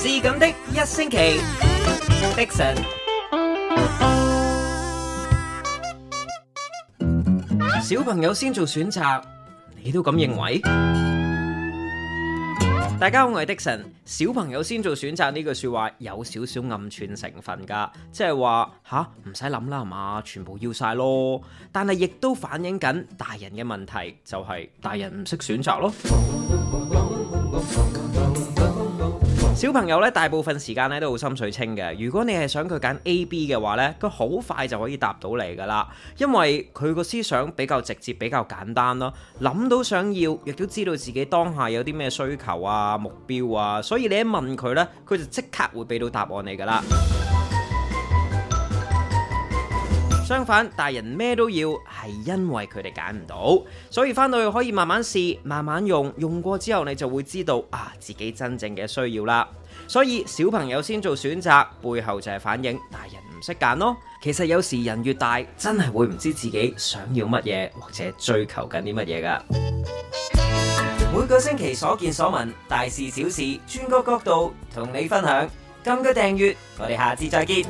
是咁的一星期，迪神，小朋友先做選擇，你都咁認為？ 大家好，我係迪神，小朋友先做選擇呢句說話有少少暗寸成分噶，即係話吓唔使諗啦，係嘛，全部要晒咯。但係亦都反映緊大人嘅問題，就係、是、大人唔識選擇咯。小朋友咧，大部分時間咧都好心水清嘅。如果你係想佢揀 A、B 嘅話咧，佢好快就可以答到你噶啦，因為佢個思想比較直接、比較簡單咯。諗到想要，亦都知道自己當下有啲咩需求啊、目標啊，所以你一問佢咧，佢就即刻會俾到答案你噶啦。相反，大人咩都要，係因為佢哋揀唔到，所以返去可以慢慢試，慢慢用，用過之後你就會知道啊自己真正嘅需要啦。所以小朋友先做選擇，背後就係反映大人唔識揀咯。其實有時人越大，真係會唔知自己想要乜嘢，或者追求緊啲乜嘢噶。每個星期所見所聞，大事小事，專個角度同你分享。撳個訂閱，我哋下次再見。